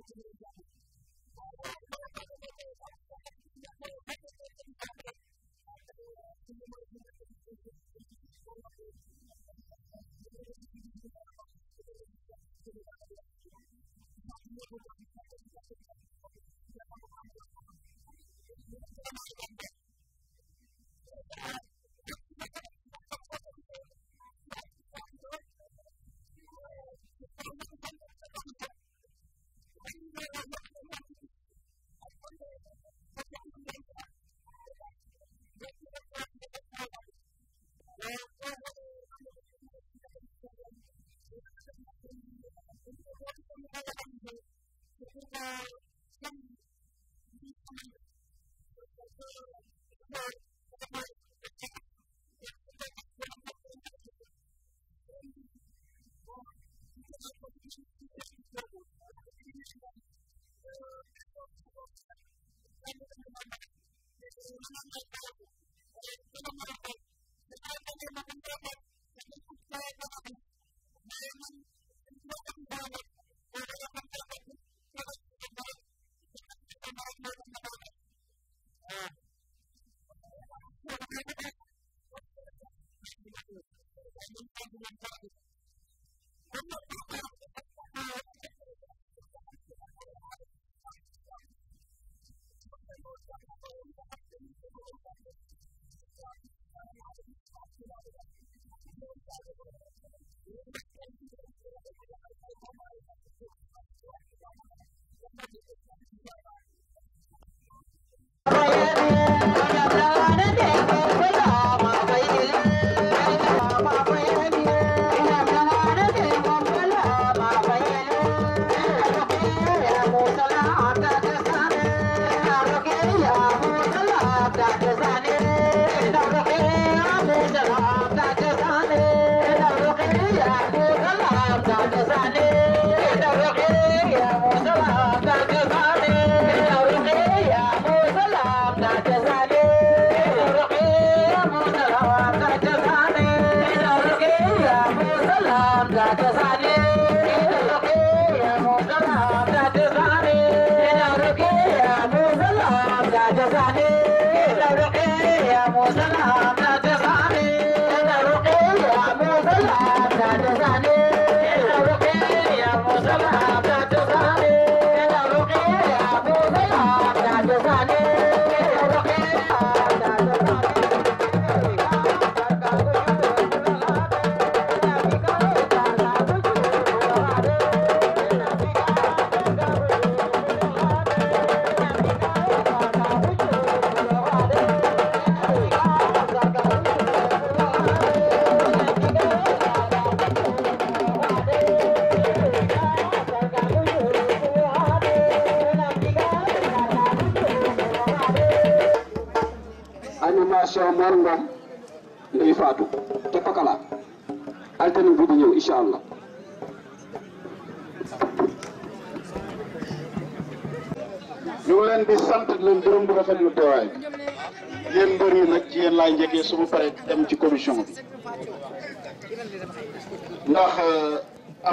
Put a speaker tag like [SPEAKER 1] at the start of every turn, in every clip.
[SPEAKER 1] Thank you.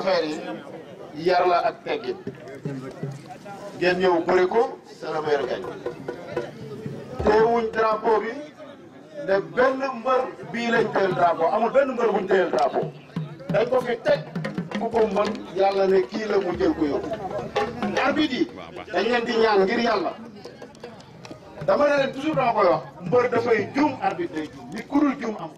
[SPEAKER 2] affaire yi yar ko sala maire gañ teewuñ teg ku ko mën yàlla ne kii la mu jël ko yóbbu arbitre yi dañ leen ñaan ngir yàlla dama ne leen toujours dama koy mbër dafay juum arbitre day juum ni kurul juum amul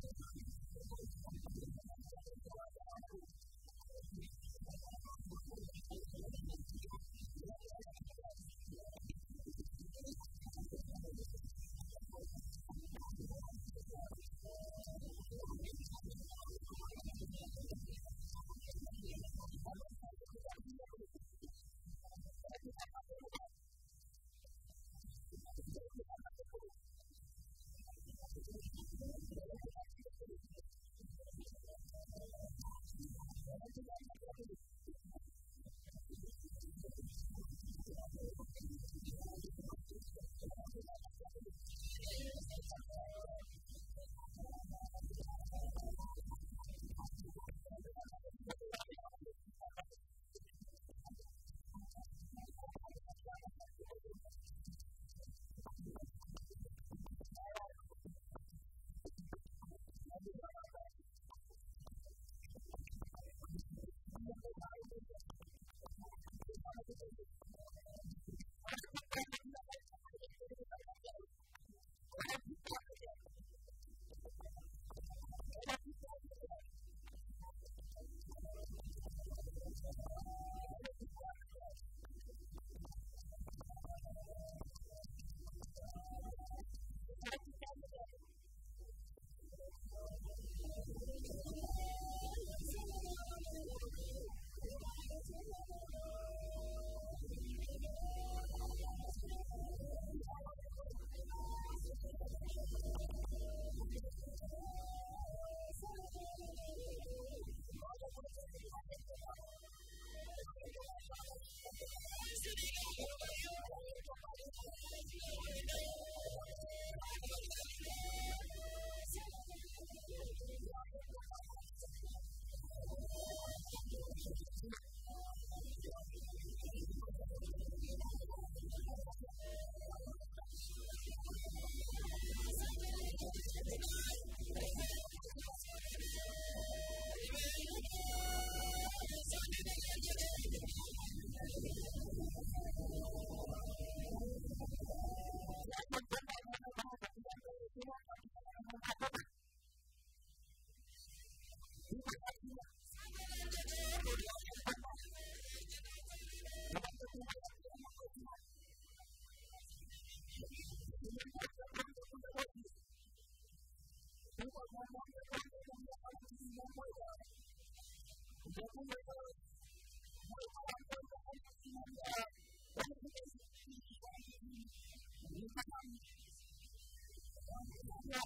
[SPEAKER 1] Thank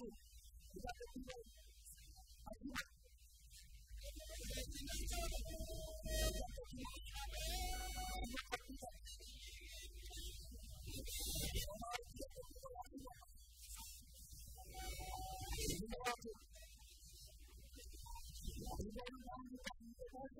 [SPEAKER 1] you.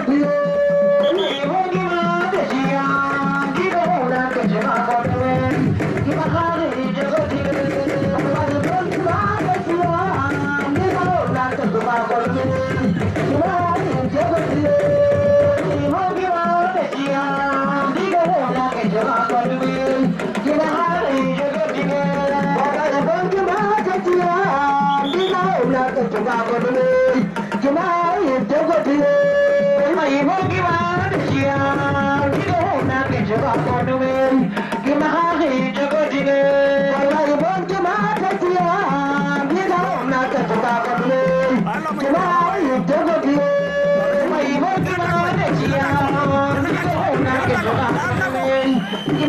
[SPEAKER 2] Come on, you don't go to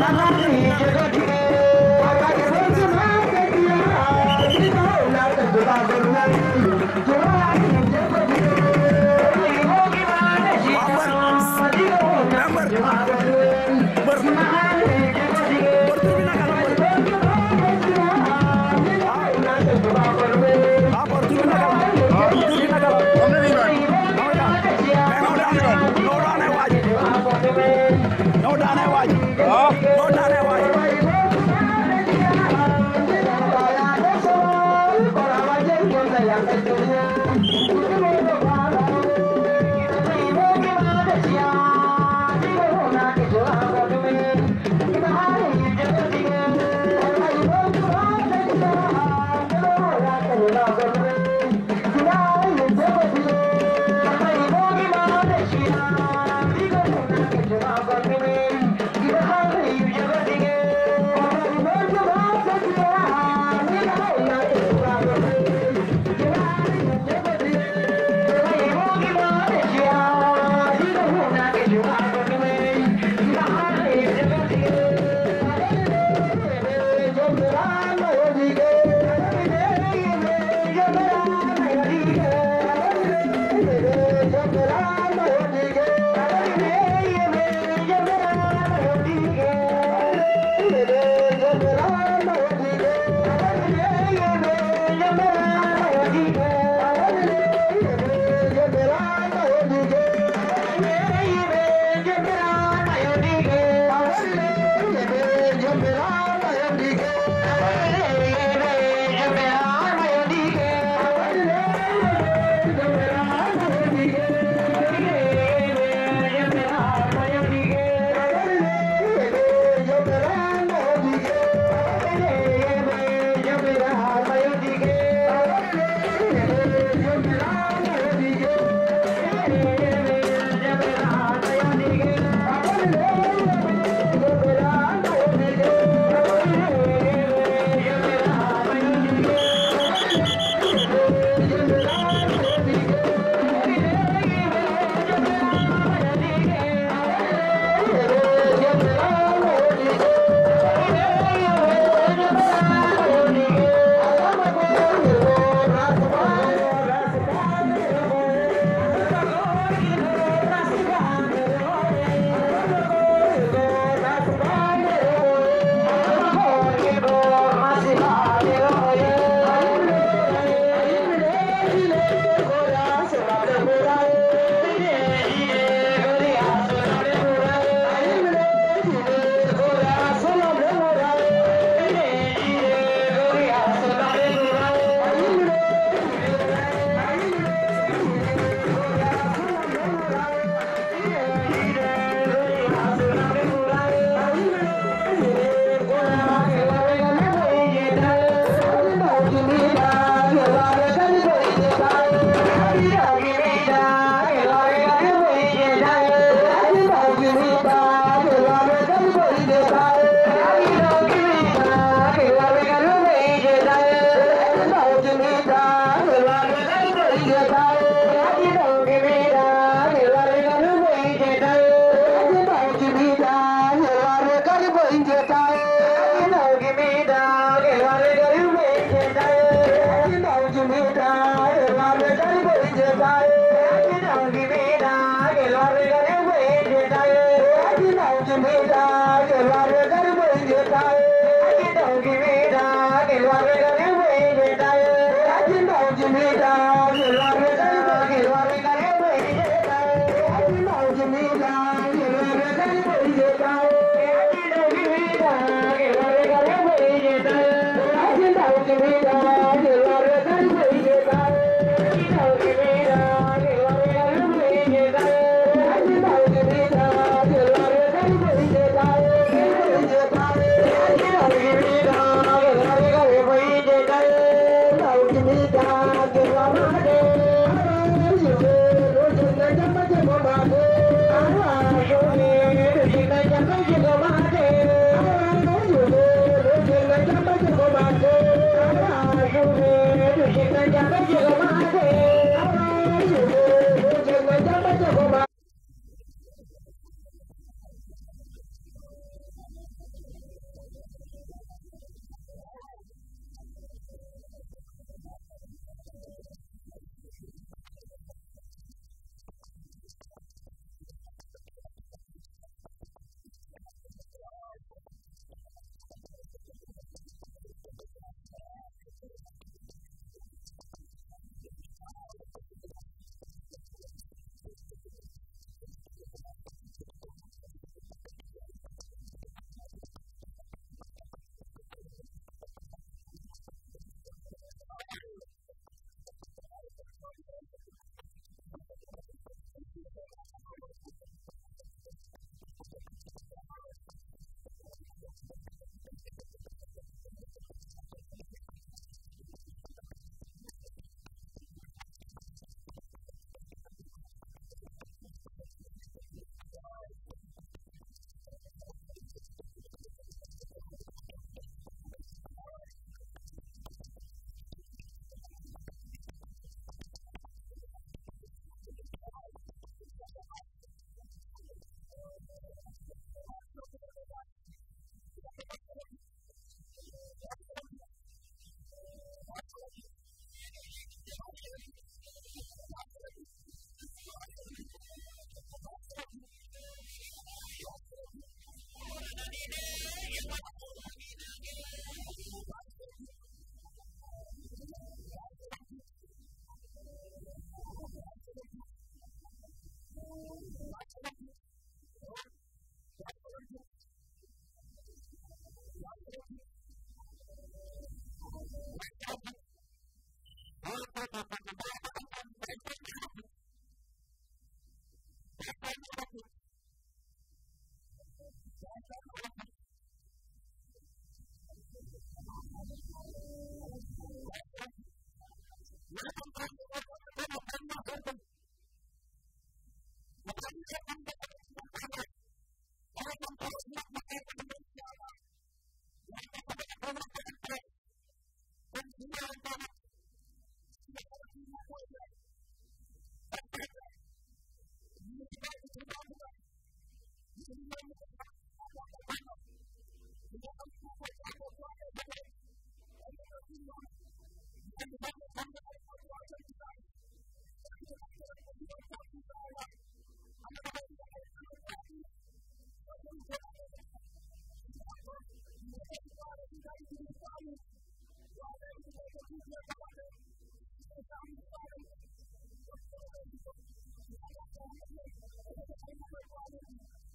[SPEAKER 2] Jagat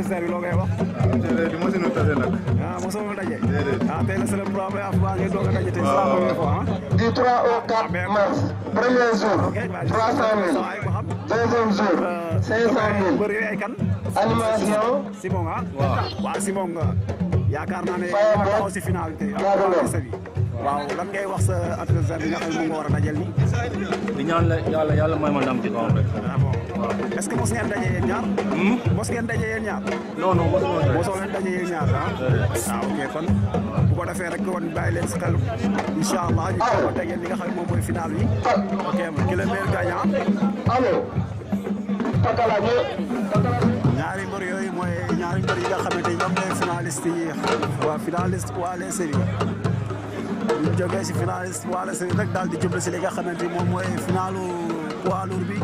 [SPEAKER 2] ministère bi loo koy wax. déedéet mos na tase nag. ah mosoo fa daje. déedéet ah tey la c'est la première fois doog a daje tey. waaw waaw du 3 au 4 mars. premier jour 300 000. deuxième waaw waaw Simon yaakaar naa ne. Faye aussi final bi waaw lan ngay wax sa adversaire bi nga xam ne mu ngi a dajal ñaan la yàlla may ma ndam ci kawam rek. est-ce que mos ngeen daje yéen ñaar. Hmm? mos ngeen daje yéen ñaar. non non mosoo leen daje yéen ñaar ah. ah ok kon bu ko defee rek kon bàyyi leen si xel incha allah ñu ko tege li nga xam ne moom mooy final bi. ok ma ki la meilleur gagnant. Ah? allo. ñaari mbër yooyu mooy ñaari mbër yi nga xamante ñoom ñooy finaliste yi waa finaliste waa les séries ñu jógee si finaliste waa les séries rek daal di jublu si li nga xamante moom mooy finalu poids lourd bi.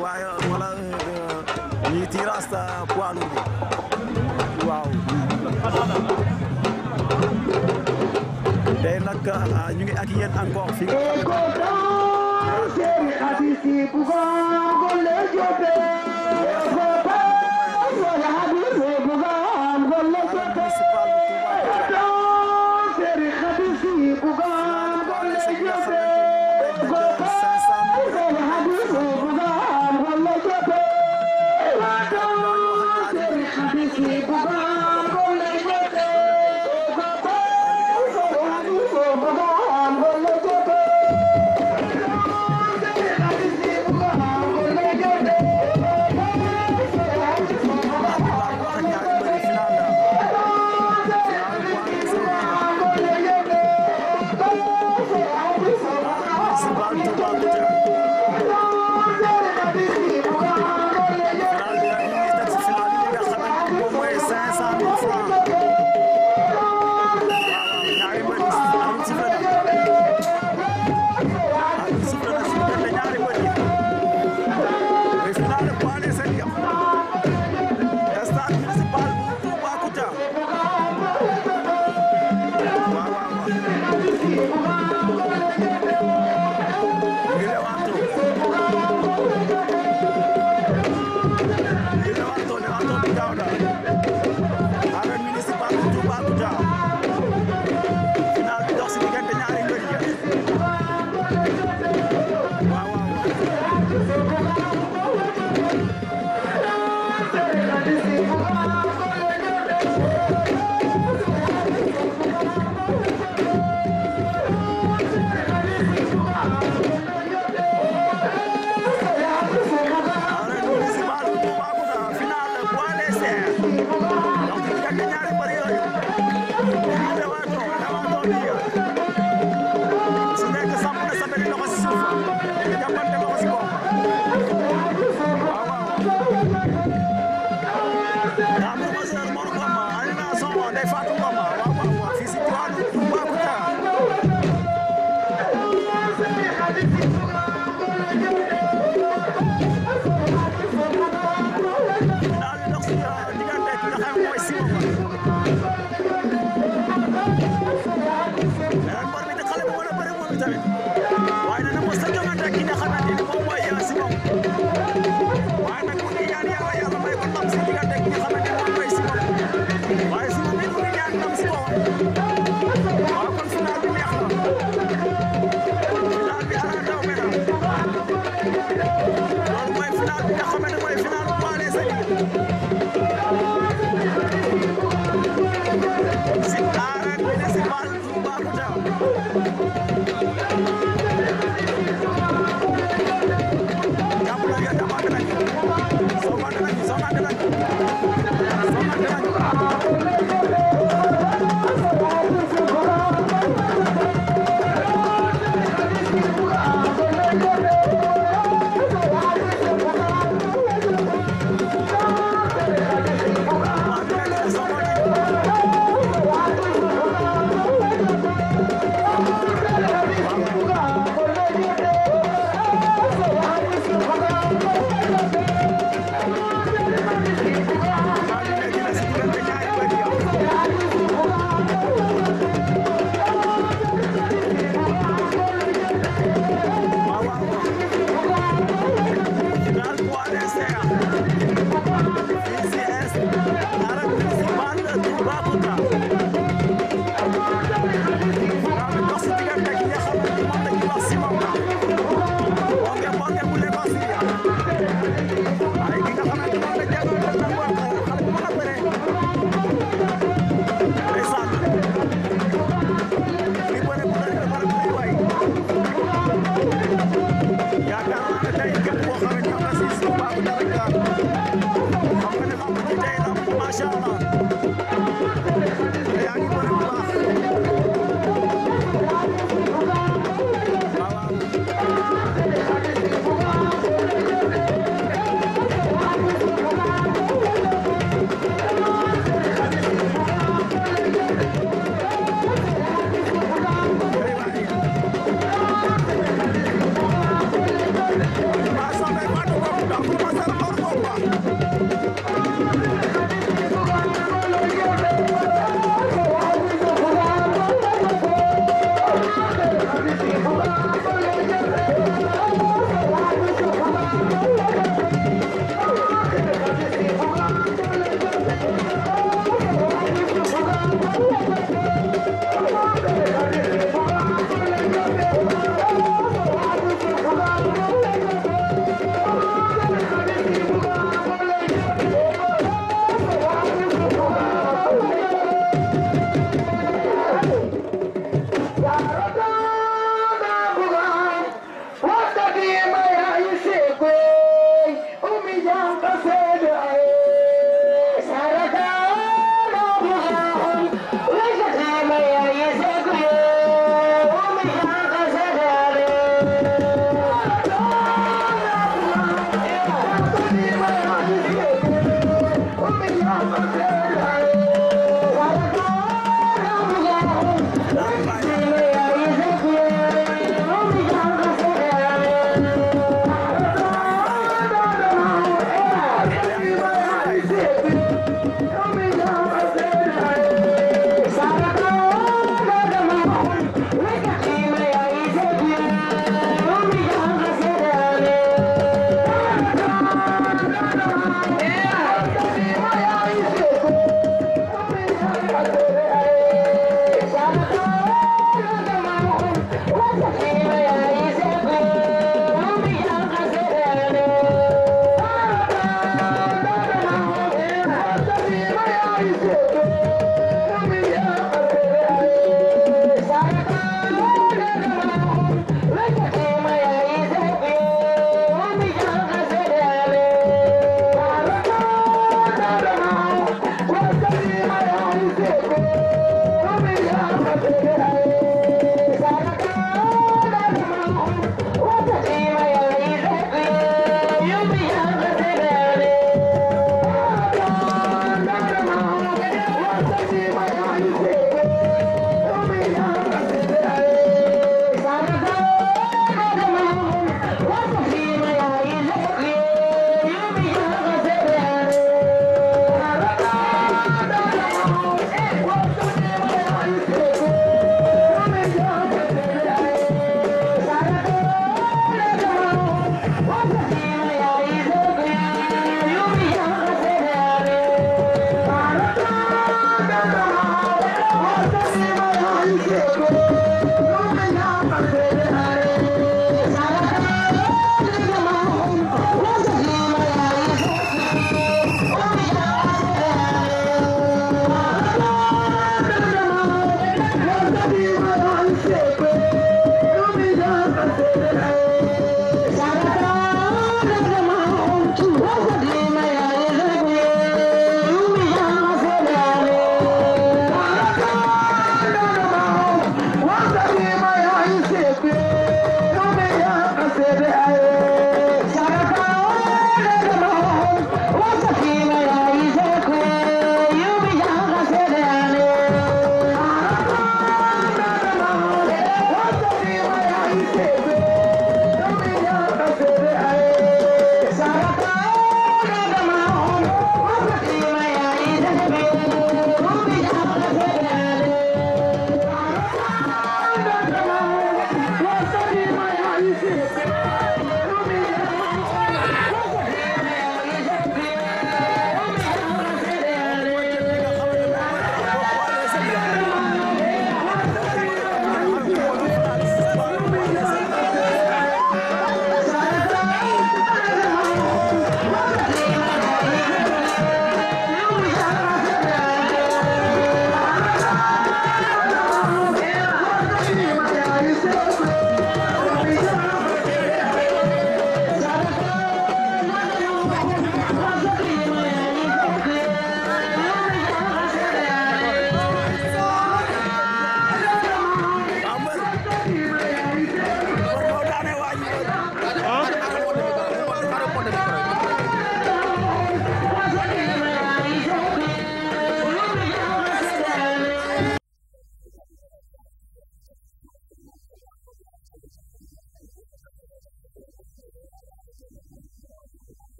[SPEAKER 2] waaye wala euh, ñuy tirage poids lourd bi waaw tey nag euh, ñu ngi ak yéen encore fi nga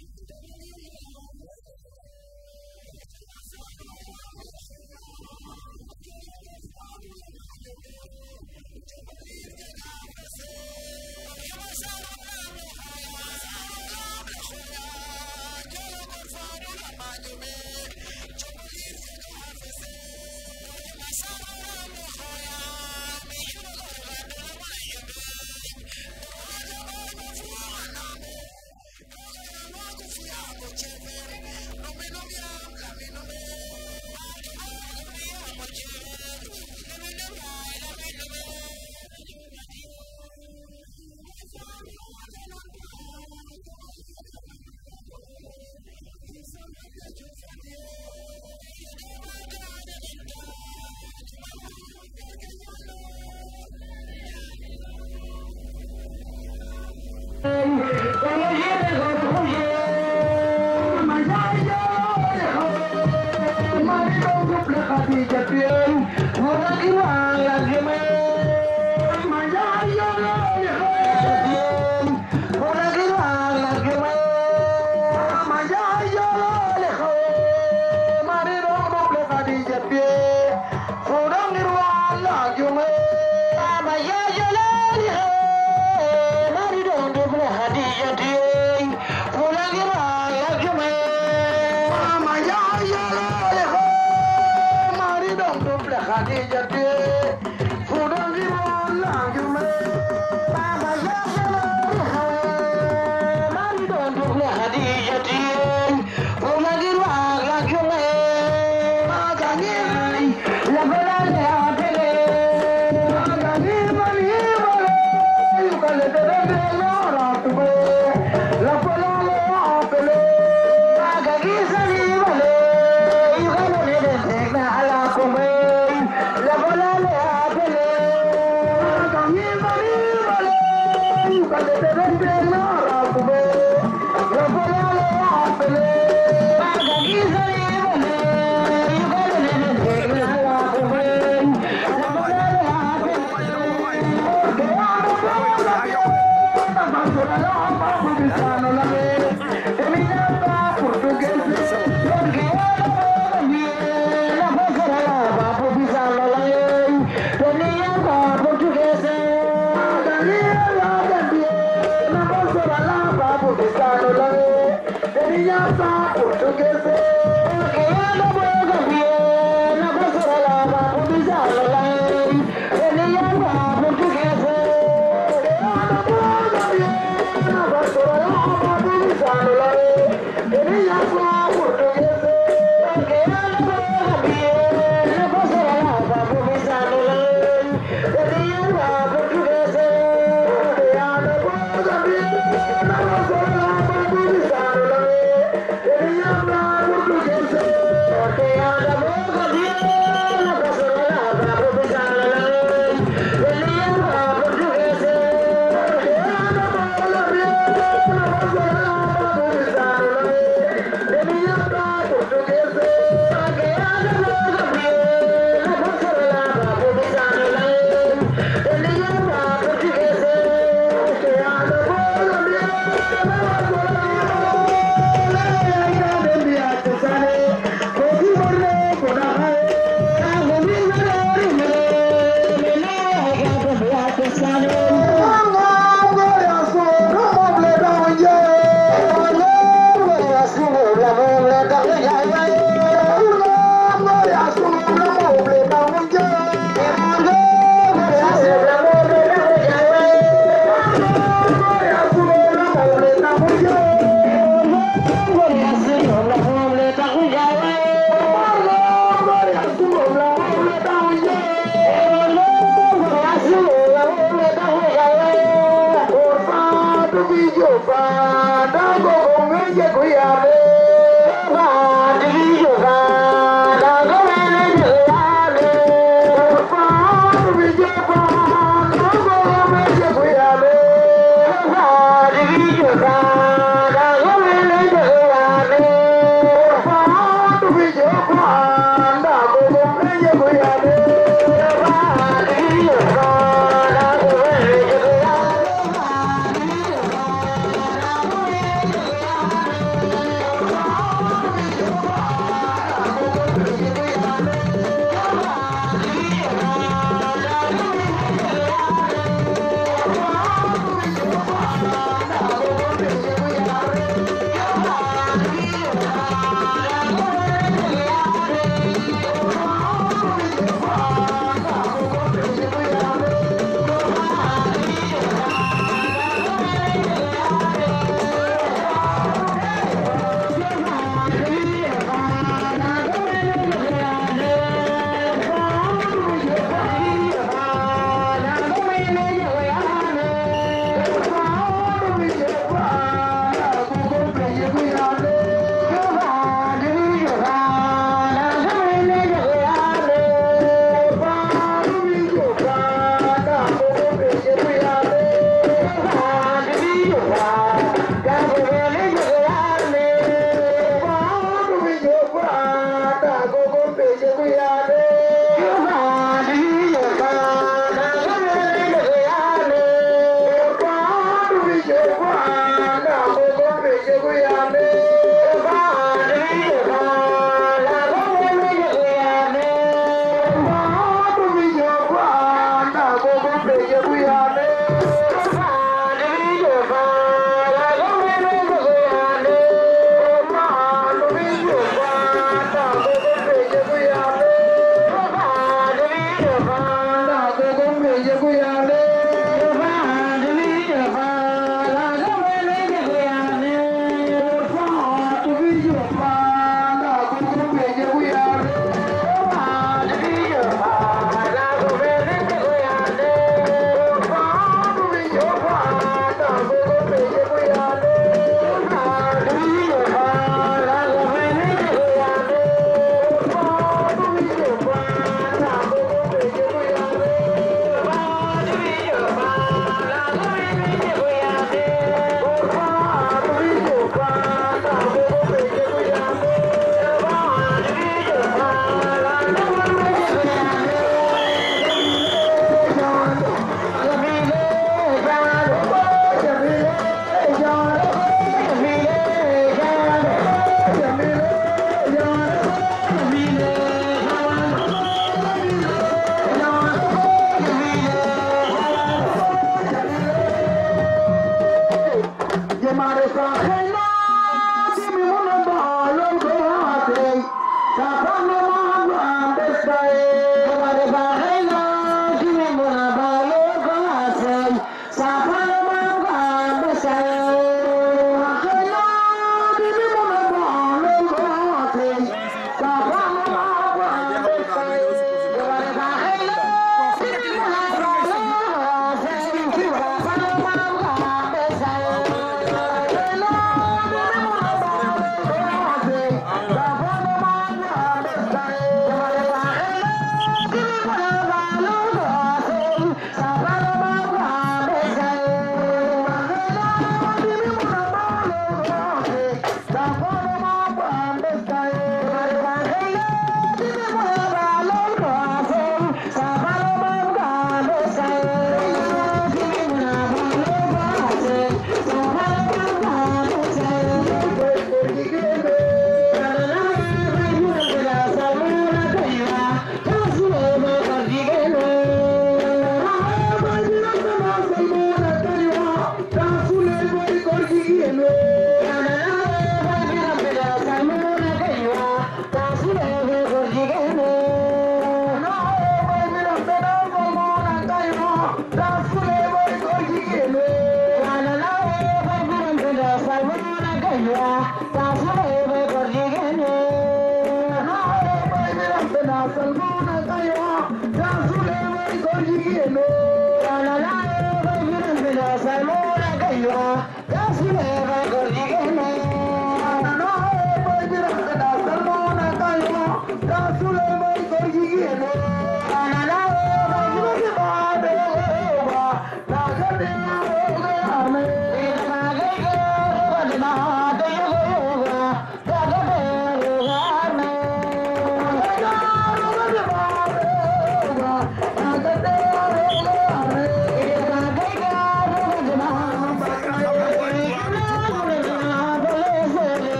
[SPEAKER 1] Thank you.